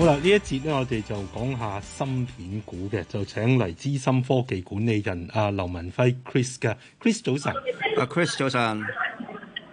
好啦，呢一節咧，我哋就講下芯片股嘅，就請嚟資深科技管理人阿、啊、劉民輝 Chris 嘅，Chris 早晨，啊、uh, Chris 早晨。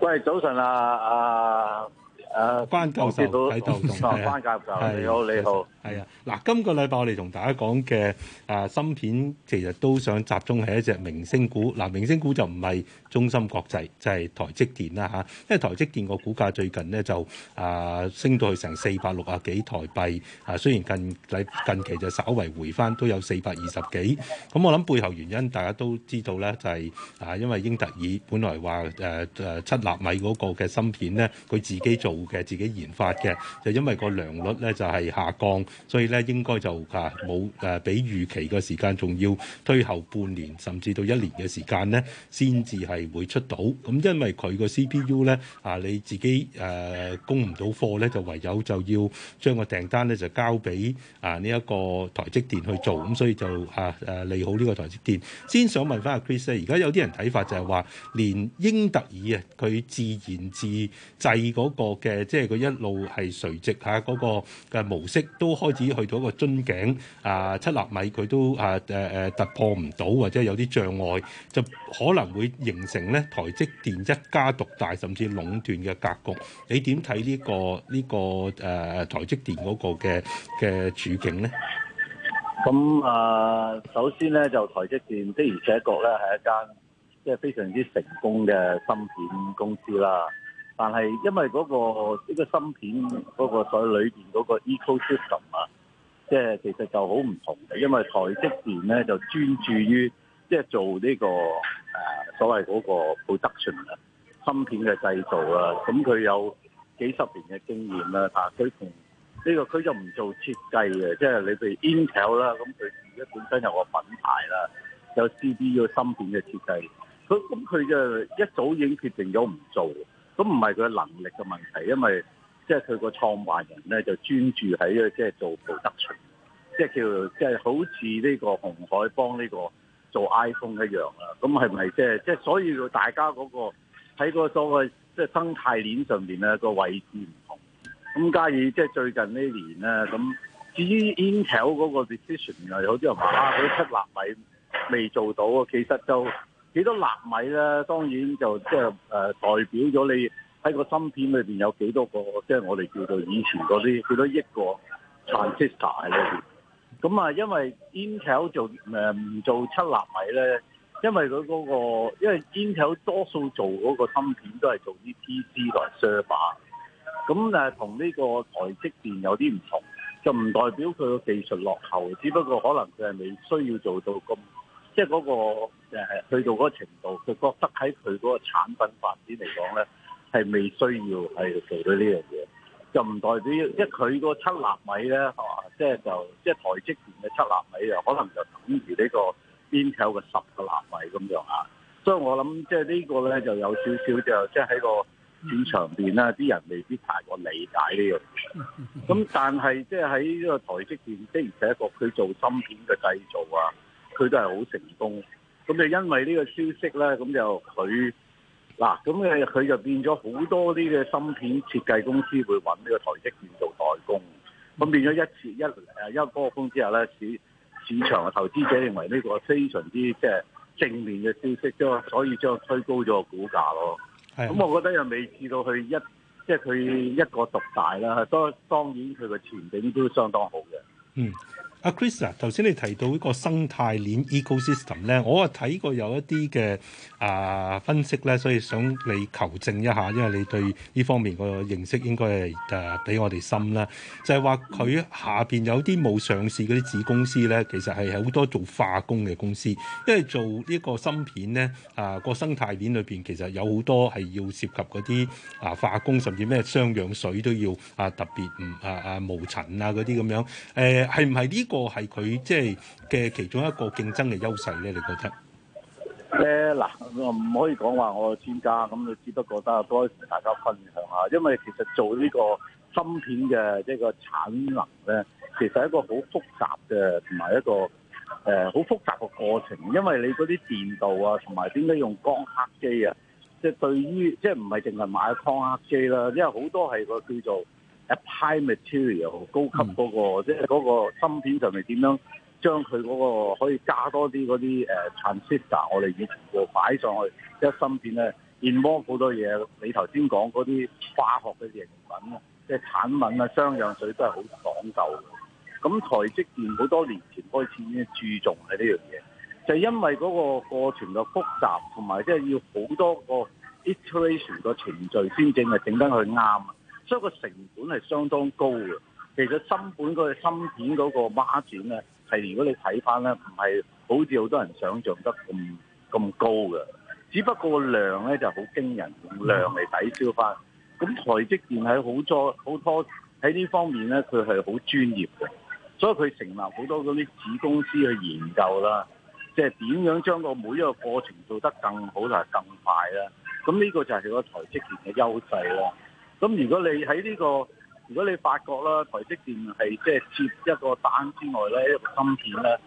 喂，早晨啊啊。Uh 誒、啊、關教授喺度，同埋關教授你好，你好，係啊！嗱、啊啊，今個禮拜我哋同大家講嘅誒芯片，其實都想集中喺一隻明星股。嗱、啊，明星股就唔係中芯國際，就係、是、台積電啦嚇、啊。因為台積電個股價最近呢就誒、啊、升到去成四百六啊幾台幣，啊雖然近禮近期就稍微回翻，都有四百二十幾。咁我諗背後原因大家都知道啦，就係、是、啊，因為英特爾本來話誒誒七納米嗰個嘅芯片咧，佢自己做。嘅自己研發嘅，就因為個良率咧就係、是、下降，所以咧應該就啊冇、誒比預期嘅時間仲要推後半年甚至到一年嘅時間咧，先至係會出到。咁因為佢個 CPU 咧啊你自己誒、呃、供唔到貨咧，就唯有就要將個訂單咧就交俾啊呢一個台積電去做。咁所以就啊誒、呃、利好呢個台積電。先想問翻阿 Chris 咧，而家有啲人睇法就係話連英特爾啊佢自研自製嗰個。嘅即係佢一路係垂直下嗰，啊嗰個嘅模式，都開始去到一個樽頸啊，七納米佢都啊誒誒、啊啊、突破唔到，或者有啲障礙，就可能會形成咧台積電一家獨大甚至壟斷嘅格局。你點睇呢個呢、呢個誒、啊、台積電嗰個嘅嘅處境咧？咁啊，首先咧就台積電的而且確咧係一間即係非常之成功嘅芯片公司啦。但係因為嗰、那個呢、這個芯片嗰個在裏邊嗰個 ecosystem 啊，即係其實就好唔同嘅。因為台積電咧就專注於即係、就是、做呢、這個誒、啊、所謂嗰個 production 啊，芯片嘅製造啊，咁佢有幾十年嘅經驗啦。啊、這個，佢同呢個佢就唔做設計嘅，即係你譬如 Intel 啦，咁佢自己本身有個品牌啦，有 CPU 嘅芯片嘅設計。咁咁佢就一早已經決定咗唔做。咁唔係佢能力嘅問題，因為即係佢個創辦人咧就專注喺即係做道德馴，即係叫即係好似呢個鴻海幫呢個做 iPhone 一樣啦。咁係咪即係即係所以大家嗰個喺個所謂即係生態鏈上面咧，個位置唔同。咁加以，即係最近呢年咧咁，至於 Intel 嗰個 decision 有好多人話啊，佢七納米未做到啊，其實都。幾多納米咧？當然就即係誒代表咗你喺個芯片裏邊有幾多個，即係我哋叫做以前嗰啲幾多億個 transistor 喺裏邊。咁啊，因為 Intel 做誒唔、呃、做七納米咧，因為佢嗰、嗰個因為 Intel 多數做嗰個芯片都係做啲 PC 同 server。咁誒同呢個台積電有啲唔同，就唔代表佢個技術落後，只不過可能佢係未需要做到咁。即係、誒、嗰個去到嗰個程度，佢覺得喺佢嗰個產品發展嚟講咧，係未需要係做到呢樣嘢，就唔代表即係佢個七納米咧、啊，即係就即係台積電嘅七納米啊，可能就等於呢個 Intel 嘅十個納米咁樣啊。所以我諗即係呢個咧就有少少就即係喺個市場邊啦，啲人未必太過理解呢樣嘢。咁但係即係喺呢個台積電的而且確佢做芯片嘅製造啊。佢都係好成功，咁就因為呢個消息咧，咁就佢嗱，咁嘅佢就變咗好多啲嘅芯片設計公司會揾呢個台積電做代工，咁變咗一次一誒一波峰之後咧，市市場嘅投資者認為呢個非常之即係正面嘅消息，即所以將推高咗個股價咯。係，咁我覺得又未至到佢一，即係佢一個獨大啦。當然佢嘅前景都相當好嘅。嗯。阿 Chris，頭先你提到呢個生態鏈 ecosystem 咧，我啊睇過有一啲嘅啊分析咧，所以想你求證一下，因為你對呢方面個認識應該係誒比我哋深啦。就係話佢下邊有啲冇上市啲子公司咧，其實係好多做化工嘅公司，因為做呢個芯片咧啊、嗰個生態鏈裏邊，其實有好多係要涉及啲啊化工，甚至咩雙氧水都要啊特別唔啊無啊無塵啊啲咁樣誒係唔係呢個。個係佢即係嘅其中一個競爭嘅優勢咧，呃、你覺得咧？誒嗱，我唔可以講話我專家，咁我只不過得多同大家分享下。因為其實做呢個芯片嘅呢個產能咧，其實係一個好複雜嘅同埋一個誒好、呃、複雜嘅過程。因為你嗰啲電道啊，同埋點解用光刻機啊？即係對於即係唔係淨係買光刻機啦，因為好多係個叫做。apply material 高級嗰、嗰個，嗯、即係嗰個芯片上面點樣將佢嗰個可以加多啲嗰啲誒 transistor，我哋要全部擺上去。即係芯片咧，研磨好多嘢，你頭先講嗰啲化學嘅成分，是啊，即係產品啊、雙氧水都係好講究。咁台積電好多年前開始已經注重喺呢樣嘢，就係、因為嗰個過程嘅複雜同埋即係要好多個 iteration 嘅程序先正係整得佢啱。.所以個成本係相當高嘅，其實芯本嗰個芯片嗰個 Margin 咧係如果你睇翻咧，唔係好似好多人想象得咁咁高嘅，只不過量咧就好、是、驚人，用量嚟抵消翻。咁台積電喺好多好多喺呢方面咧，佢係好專業嘅，所以佢成立好多嗰啲子公司去研究啦，即係點樣將個每一個過程做得更好同埋更快啦。咁呢個就係個台積電嘅優勢啦。咁如果你喺呢個，如果你發覺啦，台積電係即係接一個單之外咧，一個芯片咧，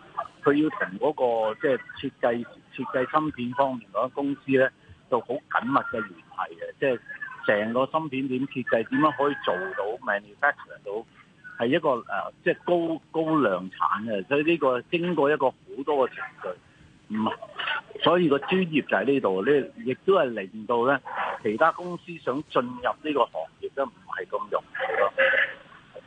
佢要同嗰個即係設計設計芯片方面嗰個公司咧，就好緊密嘅聯繫嘅，即係成個芯片點設計，點樣可以做到 manufacture 到，係一個誒，即係高高量產嘅，所以呢個經過一個好多嘅程序，唔係。所以個專業就喺呢度，呢亦都係令到咧其他公司想進入呢個行業都唔係咁容易咯。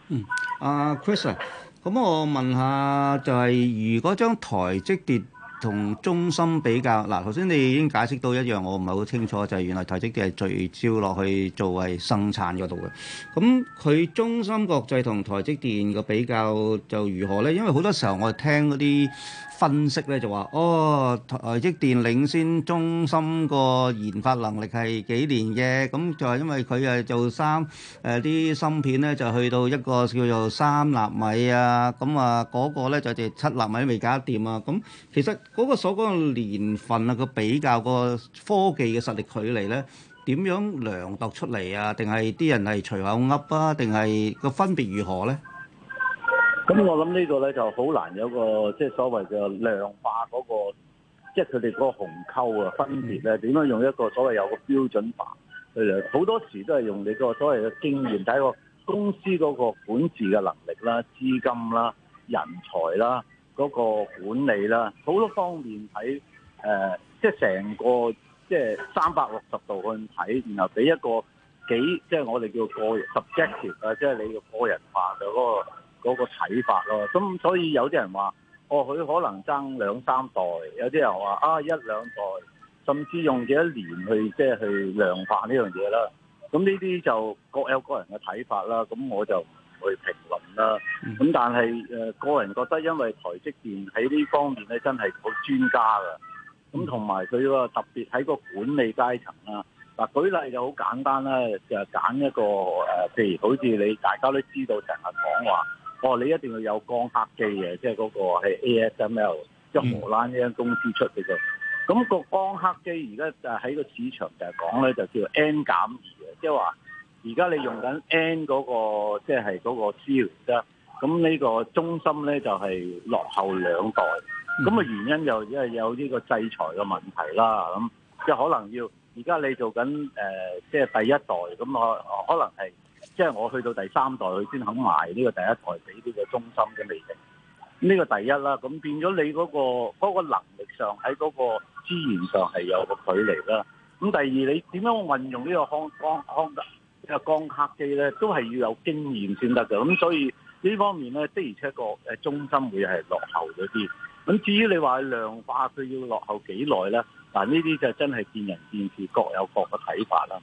嗯，啊、uh, Chris Sir 咁、嗯、我問下就係、是、如果將台積電同中芯比較嗱，頭先你已經解釋到一樣，我唔係好清楚就係原來台積電係聚焦落去做係生產嗰度嘅。咁佢中芯國際同台積電個比較就如何咧？因為好多時候我聽嗰啲分析咧就話，哦，台積電領先中芯個研發能力係幾年嘅。咁就係因為佢係做三誒啲芯片咧，就去到一個叫做三納米啊。咁啊，嗰個咧就係七納米都未搞得掂啊。咁其實嗰個所講嘅年份啊，個比較個科技嘅實力距離咧，點樣量度出嚟啊？定係啲人係隨口噏啊？定係個分別如何咧？咁我諗呢個咧就好難有個即係、就是、所謂嘅量化嗰、那個，即係佢哋個鴻溝啊，分別咧點、嗯、樣用一個所謂有個標準化？誒好多時都係用你個所謂嘅經驗睇個公司嗰個管治嘅能力啦、資金啦、人才啦。嗰個管理啦，好多方面喺誒，即係成個即係三百六十度去睇，然後俾一個幾即係、即係、我哋叫做個 subjective 啊，即係你個個人化嘅嗰、嗰個嗰、嗰個睇法咯。咁所以有啲人話，哦佢可能爭兩三代，有啲人話啊一兩代，甚至用幾多年去即係、即係、去量化呢樣嘢啦。咁呢啲就各有各人嘅睇法啦。咁我就。去評論啦，咁但係誒個人覺得，因為台積電喺呢方面咧，真係好專家㗎。咁同埋佢個特別喺個管理階層啦。嗱舉例就好簡單啦，就揀一個誒，譬如好似你大家都知道成日講話，哦，你一定要有光刻機嘅，即係嗰個 ASML，即係荷蘭呢間公司出嘅。咁個光刻機而家就喺個市場就係講咧，就叫做 N 減二嘅，即係話。而家你用緊 N 嗰個即係嗰個資源啦，咁呢個中心咧就係落後兩代，咁啊原因就因為有呢個制裁嘅問題啦，咁即係可能要而家你做緊誒即係第一代，咁我可能係即係我去到第三代佢先肯賣呢個第一代俾呢個中心嘅你嘅，呢個第一啦，咁變咗你嗰個嗰個能力上喺嗰個資源上係有個距離啦，咁第二你點樣運用呢個康康康？因為光刻機咧都係要有經驗先得㗎，咁所以呢方面咧的而且確中芯會係落後咗啲。咁至於你話量化佢要落後幾耐咧，嗱呢啲就真係見仁見智，各有各嘅睇法啦。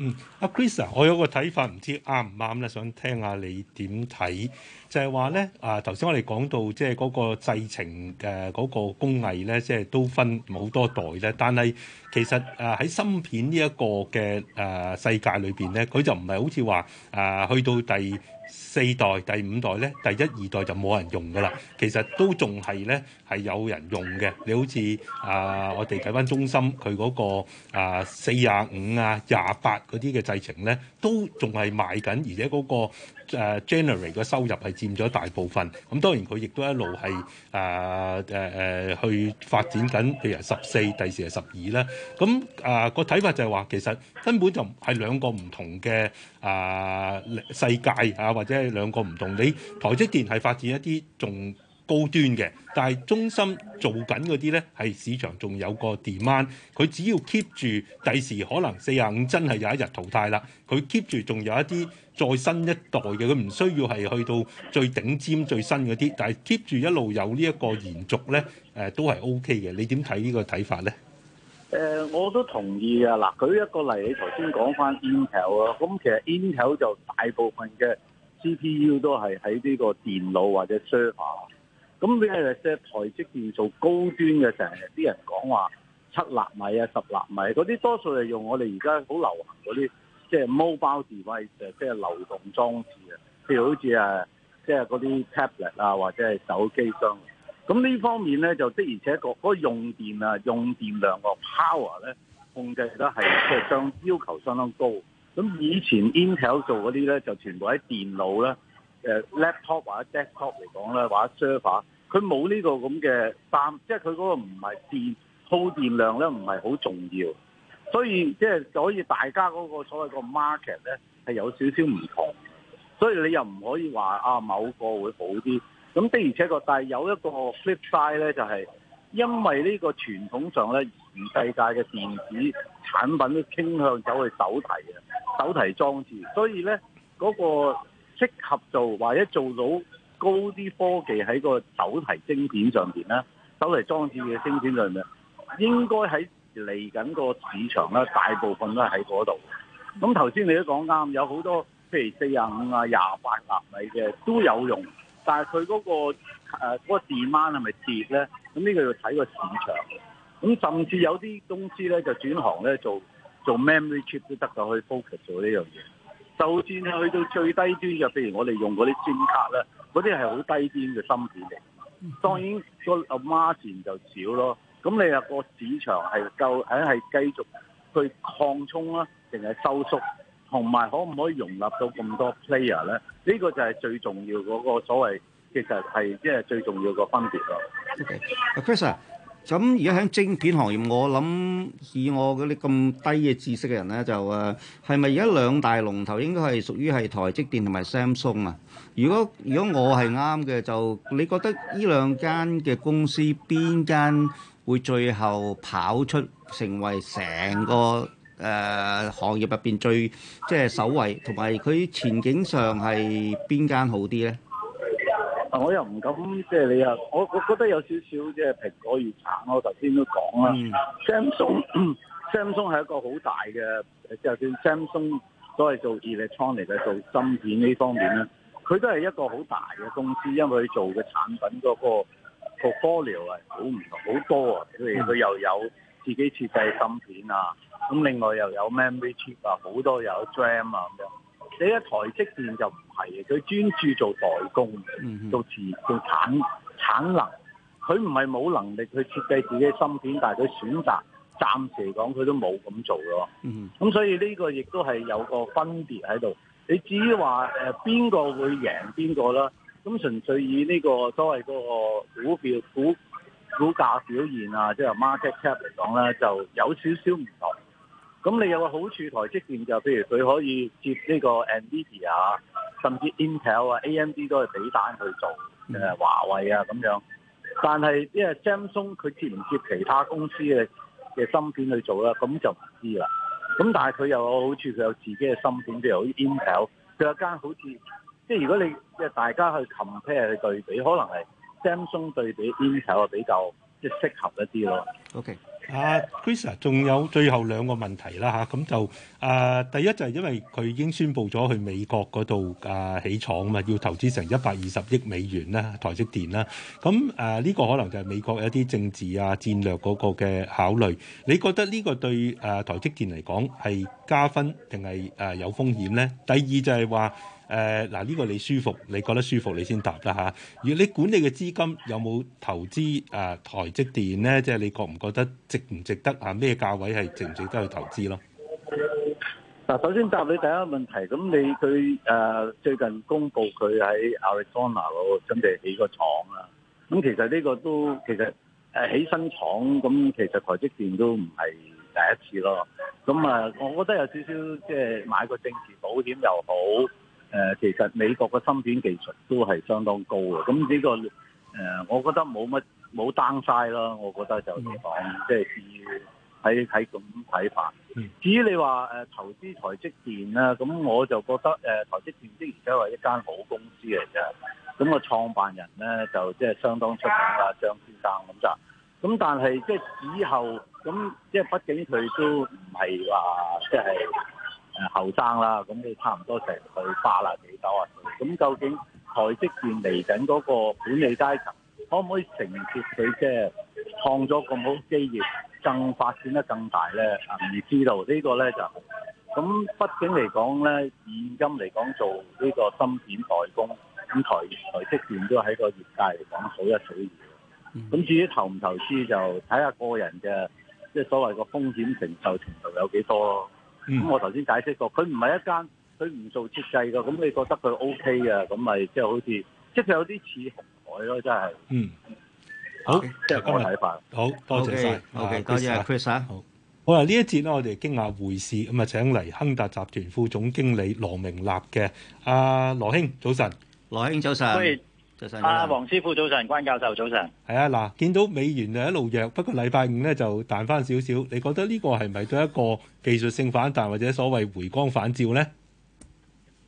嗯，阿 Chris 我有個睇法，唔知啱唔啱咧，想聽下你點睇？就係話咧，啊頭先我哋講到即係嗰個製程嘅嗰個工藝咧，即係都分好多代咧。但係其實啊喺芯片呢一個嘅啊世界裏邊咧，佢就唔係好似話啊去到第四代、第五代咧，第一二代就冇人用㗎喇。其實都仲係咧，係有人用嘅。你好似、呃那個呃、啊，我哋睇返中芯佢嗰個啊四十五啊廿八嗰啲嘅製程咧，都仲係賣緊，而且嗰、那個。誒 January 個收入係佔咗大部分，咁當然佢亦都一路係誒誒誒去發展緊，譬如係十四，第時係十二啦。咁、啊、誒個睇法就係話，其實根本就係兩個唔同嘅誒、啊、世界啊，或者係兩個唔同。你台積電係發展一啲仲高端嘅，但係中心做緊嗰啲咧，係市場仲有個 demand。佢只要 keep 住，第時可能四廿五真係有一日淘汰啦。佢 keep 住仲有一啲再新一代嘅，佢唔需要係去到最頂尖最新嗰啲，但係 keep 住一路有呢一個延續咧、呃，都係 OK 嘅。你點睇呢個睇法咧？呃，我都同意啊。嗱，舉一個例，你頭先講翻 Intel 啊，咁其實 Intel 就大部分嘅 CPU 都係喺呢個電腦或者 server。咁你係即係台積電做高端嘅，成日啲人講話七納米啊、十納米嗰啲，多數係用我哋而家好流行嗰啲即係、就是、mobile device，即係流動裝置啊，譬如好似、就是、啊，即係嗰啲 tablet 啊或者係手機箱。咁呢方面咧，就的而且確嗰、那個用電啊、用電量個 power 咧，控制得係即係相要求相當高。咁以前 Intel 做嗰啲咧，就全部喺電腦咧。誒 laptop 或者 desktop 嚟講咧，或者 server，佢冇呢個咁嘅擔，即係佢嗰個唔係電，耗電量咧，唔係好重要，所以即係所以大家嗰個所謂個 market 咧係有少少唔同，所以你又唔可以話啊某個會好啲。咁的而且確，但係有一個 flip side 咧，就係、是、因為呢個傳統上咧，全世界嘅電子產品都傾向走去手提嘅，手提裝置，所以咧嗰、那個。適合做或者做到高啲科技喺個手提晶片上邊咧，手提裝置嘅晶片上面，應該喺嚟緊個市場咧，大部分都係喺嗰度。咁頭先你都講啱，有好多譬如四廿五啊、廿八納米嘅都有用，但係佢嗰個誒嗰、呃嗰個 demand 係咪跌咧？咁呢個要睇個市場。咁甚至有啲公司咧就轉行咧做做 memory chip 都得，可以 focus 咗呢樣嘢。就算係去到最低端嘅，譬如我哋用嗰啲專卡咧，嗰啲係好低端嘅芯片嚟。當然個 margin 就少咯。咁你話個市場係夠夠，係繼續去擴充啦定係收縮，同埋可唔可以容納到咁多 player 咧？呢個就係最重要嗰個所謂，其實係即係最重要個分別咯。Okay. Chris 咁而家喺晶片行業，我諗以我嗰啲咁低嘅知識嘅人咧，就誒係咪而家兩大龍頭應該係屬於係台積電同埋 Samsung 啊？如果如果我係啱嘅，就你覺得呢兩間嘅公司邊間會最後跑出成為成個誒行業入邊最即係首位，同埋佢前景上係邊間好啲咧？我又唔敢即係你啊！我我覺得有少少即係蘋果越橙，我頭先都講啦。Samsung Samsung 係一個好大嘅，就算 Samsung 都係做二倆倉嚟嘅，做芯片呢方面咧，佢都係一個好大嘅公司，因為佢做嘅產品嗰、那個個波量係好唔同，好多啊！譬如佢又有自己設計芯片啊，咁另外又有 memory chip 啊，好多又有 DRAM 啊咁樣。你一台積電就唔係嘅，佢專注做代工，做自做產產能，佢唔係冇能力去設計自己芯片，但係佢選擇暫時嚟講佢都冇咁做嘅喎。咁、嗯、哼所以呢個亦都係有個分別喺度。你至於話誒邊個會贏邊個啦？咁純粹以呢個所謂嗰個股票股股價表現啊，即係 market cap 嚟講咧，就有少少唔同。咁你有個好處，台積電就譬如佢可以接呢個 NVIDIA 啊，甚至 Intel 啊、AMD 都係俾單去做嘅、呃、華為啊咁樣。但係因為 Samsung 佢接唔接其他公司嘅嘅芯片去做啦，咁就唔知啦。咁但係佢又有個好處，佢有自己嘅芯片，譬如 Intel，佢有間好似即係如果你即係大家去 compare 去對比，可能係 Samsung 對比 Intel 啊比較即、即係、適合一啲咯。OK。Uh, Chris, 啊 h r i s 仲有最後兩個問題啦嚇，咁、啊、就啊，第一就係因為佢已經宣布咗去美國嗰度啊起廠嘛，要投資成一百二十億美元啦，台積電啦，咁啊呢、啊呢個可能就係美國有啲政治啊戰略嗰個嘅考慮，你覺得呢個對啊台積電嚟講係加分定係啊有風險咧？第二就係話。誒嗱，呢個你舒服，你覺得舒服你先答得。嚇。如果你管理嘅資金有冇投資誒台積電咧，即係你覺唔覺得值唔值得啊？咩價位係值唔值得去投資咯？嗱，首先答你第一個問題。咁你佢誒最近公布佢喺亞利桑那嗰度準備起個廠啦。咁其實呢個都其實誒起新廠，咁其實台積電都唔係第一次咯。咁啊，我覺得有少少即係買個政治保險又好。誒、呃，其實美國嘅芯片技術都係相當高嘅，咁呢、這個誒、呃，我覺得冇乜冇 downside 咯，我覺得就嚟講，即係睇睇咁睇法。至於你話誒、呃、投資台積電啊，咁我就覺得誒、呃、台積電的而且確係一間好公司嚟嘅，咁個創辦人咧就即係相當出名啦，張先生咁咋。咁但係即係以後咁，即係畢竟佢都唔係話即係。就是後生啦，咁你差唔多成去八啦，幾多啊？咁究竟台積電嚟緊嗰個管理階層，可唔可以承接佢即係創咗咁好基業，更發展得更大咧？唔知道、這個、呢個咧就咁，畢竟嚟講咧，現今嚟講做呢個芯片代工，咁台台積電都喺個業界嚟講好一數二嘅。咁至於投唔投資就睇下個人嘅，即係所謂個風險承受程度有幾多咯。咁我頭先解釋過，佢唔係一間，佢唔做設計㗎，咁你覺得佢 O K 啊？咁咪即係好似，即係有啲似紅海咯，真係。嗯。好，即係今日嘅睇法。好多謝曬。O K，多謝 Chris。好，好啊！呢一節咧，我哋傾下匯市咁啊，請嚟亨達集團副總經理羅明立嘅阿羅兄，早晨。羅兄，早晨。啊，黃師傅早晨，關教授早晨。係啊，嗱，見到美元啊一路弱，不過禮拜五咧就彈翻少少。你覺得呢個係咪對一個技術性反彈或者所謂回光返照咧？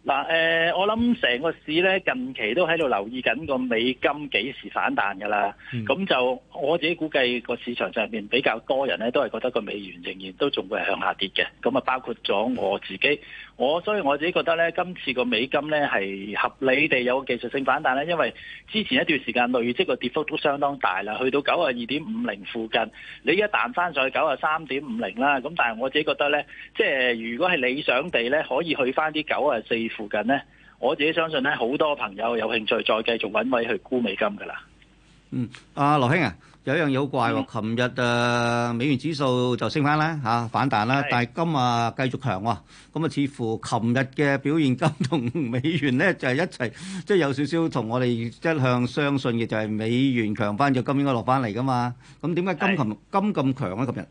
嗱，誒，我諗成個市咧近期都喺度留意緊個美金幾時反彈噶啦。咁就我自己估計個市場上面比較多人咧都係覺得個美元仍然都仲會係向下跌嘅。咁啊，包括咗我自己。我所以我自己覺得咧，今次個美金咧係合理地有個技術性反彈咧，因為之前一段時間累積個跌幅都相當大啦，去到九啊二點五零附近，你一彈翻上去九啊三點五零啦，咁但係我自己覺得咧，即係如果係理想地咧，可以去翻啲九啊四附近咧，我自己相信咧，好多朋友有興趣再繼續揾位去沽美金噶啦。嗯，阿羅兄啊。有一樣嘢好怪喎，琴日誒美元指數就升翻啦，嚇反彈啦，但係金啊繼續強喎，咁啊，似乎琴日嘅表現金同美元咧就係一齊，即係有少少同我哋一向相信嘅就係美元強翻，就金應該落翻嚟噶嘛，咁點解金琴金咁強咧琴日？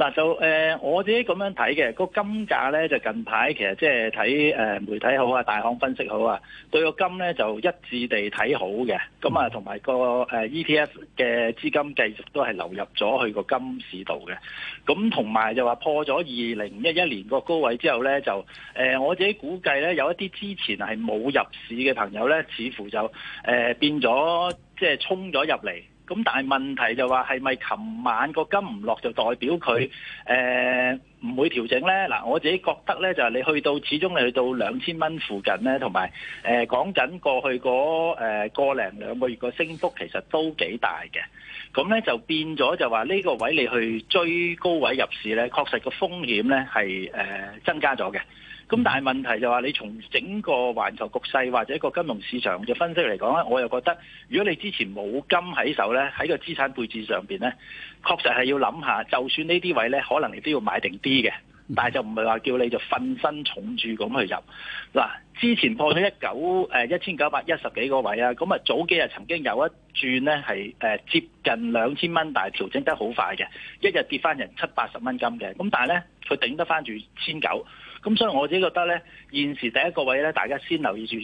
嗱就誒、呃、我自己咁樣睇嘅，個金價咧就近排其實即係睇誒媒體好啊、大行分析好啊，對個金咧就一致地睇好嘅。咁啊，同埋個誒 ETF 嘅資金繼續都係流入咗去個金市度嘅。咁同埋就話破咗二零一一年個高位之後咧，就誒、呃、我自己估計咧，有一啲之前係冇入市嘅朋友咧，似乎就誒、呃、變咗即係衝咗入嚟。咁但係問題就話，係咪琴晚個金唔落就代表佢誒唔會調整咧？嗱，我自己覺得咧就係，你去到始終你去到兩千蚊附近咧，同埋誒講緊過去嗰誒、呃、個零兩個月個升幅其實都幾大嘅。咁咧就變咗就話，呢個位你去追高位入市咧，確實個風險咧係、呃、增加咗嘅。咁、嗯、但係問題就話，你從整個環球局勢或者一個金融市場嘅分析嚟講咧，我又覺得，如果你之前冇金喺手咧，喺個資產配置上邊咧，確實係要諗下，就算呢啲位咧，可能你都要買定啲嘅。但係就唔係話叫你就瞓身重注咁去入。嗱、啊，之前破咗一九誒一千九百一十幾個位啊，咁啊早幾日曾經有一轉咧係、呃、接近兩千蚊，但係調整得好快嘅，一日跌翻人七八十蚊金嘅。咁但係咧，佢頂得翻住千九。咁所以我自己覺得咧，現時第一個位咧，大家先留意住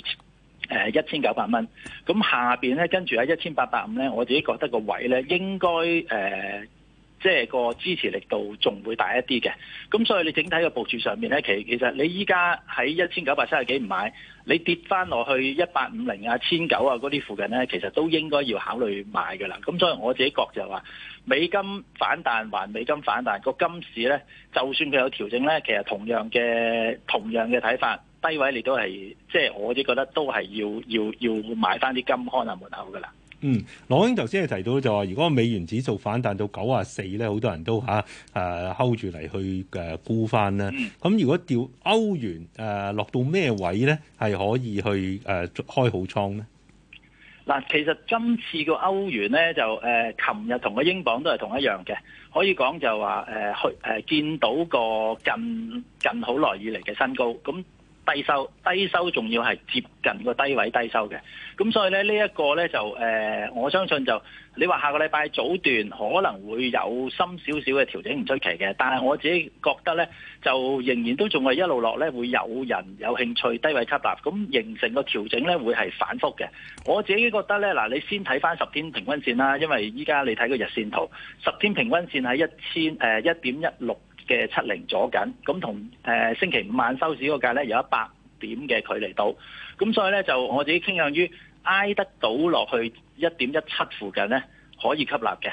誒一千九百蚊。咁、呃、下邊咧，跟住喺一千八百五咧，我自己覺得個位咧，應該誒。呃即係個支持力度仲會大一啲嘅，咁所以你整體嘅部署上面咧，其其實你依家喺一千九百七十幾唔買，你跌翻落去一八五零啊、千九啊嗰啲附近咧，其實都應該要考慮買㗎啦。咁所以我自己覺得就話，美金反彈還美金反彈，個金市咧，就算佢有調整咧，其實同樣嘅同樣嘅睇法，低位你都係即係我只覺得都係要要要買翻啲金康啊門口㗎啦。嗯，羅兄頭先係提到就話，如果美元指數反彈到九啊四咧，好多人都嚇誒睺住嚟去誒沽翻啦。咁如果掉歐元誒、啊、落到咩位咧，係可以去誒、啊、開好倉咧？嗱，其實今次個歐元咧就誒，琴日同個英鎊都係同一樣嘅，可以講就話誒去誒見到個近近好耐以嚟嘅新高咁。低收低收仲要係接近個低位低收嘅。咁所以咧呢一個咧就誒、呃，我相信就你話下個禮拜早段可能會有深少少嘅調整唔出奇嘅，但係我自己覺得咧就仍然都仲係一路落咧，會有人有興趣低位吸納，咁形成個調整咧會係反復嘅。我自己覺得咧嗱，你先睇翻十天平均線啦，因為依家你睇個日線圖，十天平均線喺一千誒一點一六嘅七零阻緊，咁同誒星期五晚收市嗰個價咧有一百點嘅距離到。咁所以咧就我自己傾向於挨得到落去一點一七附近咧，可以吸納嘅，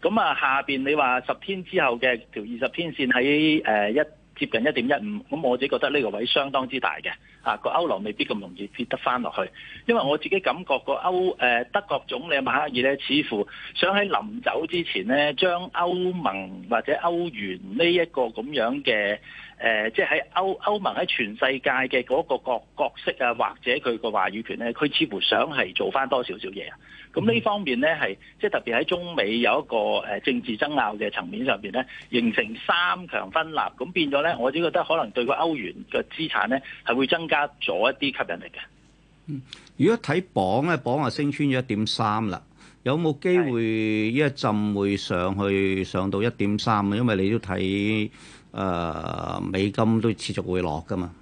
咁啊下邊你話十天之後嘅條二十天線喺誒、呃、一。接近一點一五，咁我自己覺得呢個位相當之大嘅，啊個歐羅未必咁容易跌得翻落去，因為我自己感覺個歐誒、呃、德國總理默克爾呢，似乎想喺臨走之前呢，將歐盟或者歐元呢一個咁樣嘅誒、呃，即係喺歐歐盟喺全世界嘅嗰個角角色啊，或者佢個話語權呢，佢似乎想係做翻多少少嘢啊。咁呢方面咧，係即係特別喺中美有一個誒政治爭拗嘅層面上邊咧，形成三強分立，咁變咗咧，我只覺得可能對個歐元嘅資產咧係會增加咗一啲吸引力嘅。嗯，如果睇鎊咧，鎊啊升穿咗一點三啦，有冇機會一陣會上去上到一點三啊？因為你都睇誒美金都持續會落㗎嘛。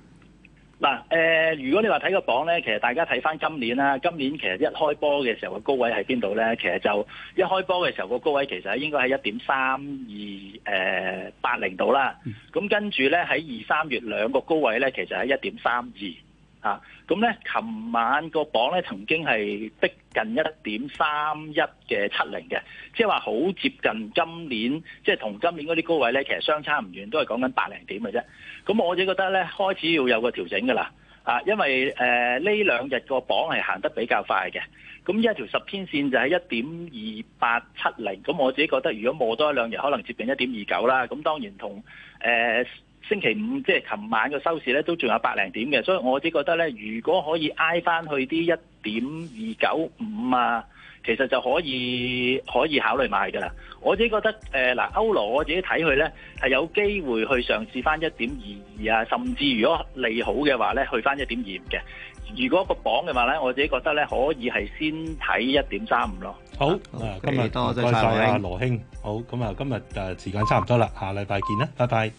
嗱，誒，如果你話睇個榜咧，其實大家睇翻今年啦，今年其實一開波嘅時候個高位喺邊度咧？其實就一開波嘅時候個高位其實應該喺一點三二誒八零度啦。咁跟住咧，喺二三月兩個高位咧，其實係一點三二。啊，咁咧，琴晚個榜咧，曾經係逼近一點三一嘅七零嘅，即係話好接近今年，即係同今年嗰啲高位咧，其實相差唔遠，都係講緊八零點嘅啫。咁我自己覺得咧，開始要有個調整㗎啦，啊，因為誒呢兩日個榜係行得比較快嘅，咁依一條十天線就係一點二八七零，咁我自己覺得如果冇多一兩日，可能接近一點二九啦。咁當然同誒，呃星期五即係琴晚嘅收市咧，都仲有百零點嘅，所以我自己覺得咧，如果可以挨翻去啲一點二九五啊，其實就可以可以考慮買㗎啦。我自己覺得誒嗱、呃，歐羅我自己睇佢咧係有機會去嘗試翻一點二二啊，甚至如果利好嘅話咧，去翻一點二五嘅。如果個榜嘅話咧，我自己覺得咧可以係先睇一點三五咯。好，今日多謝曬阿羅兄。好、呃，咁啊今日誒時間差唔多啦，下禮拜見啦，拜拜。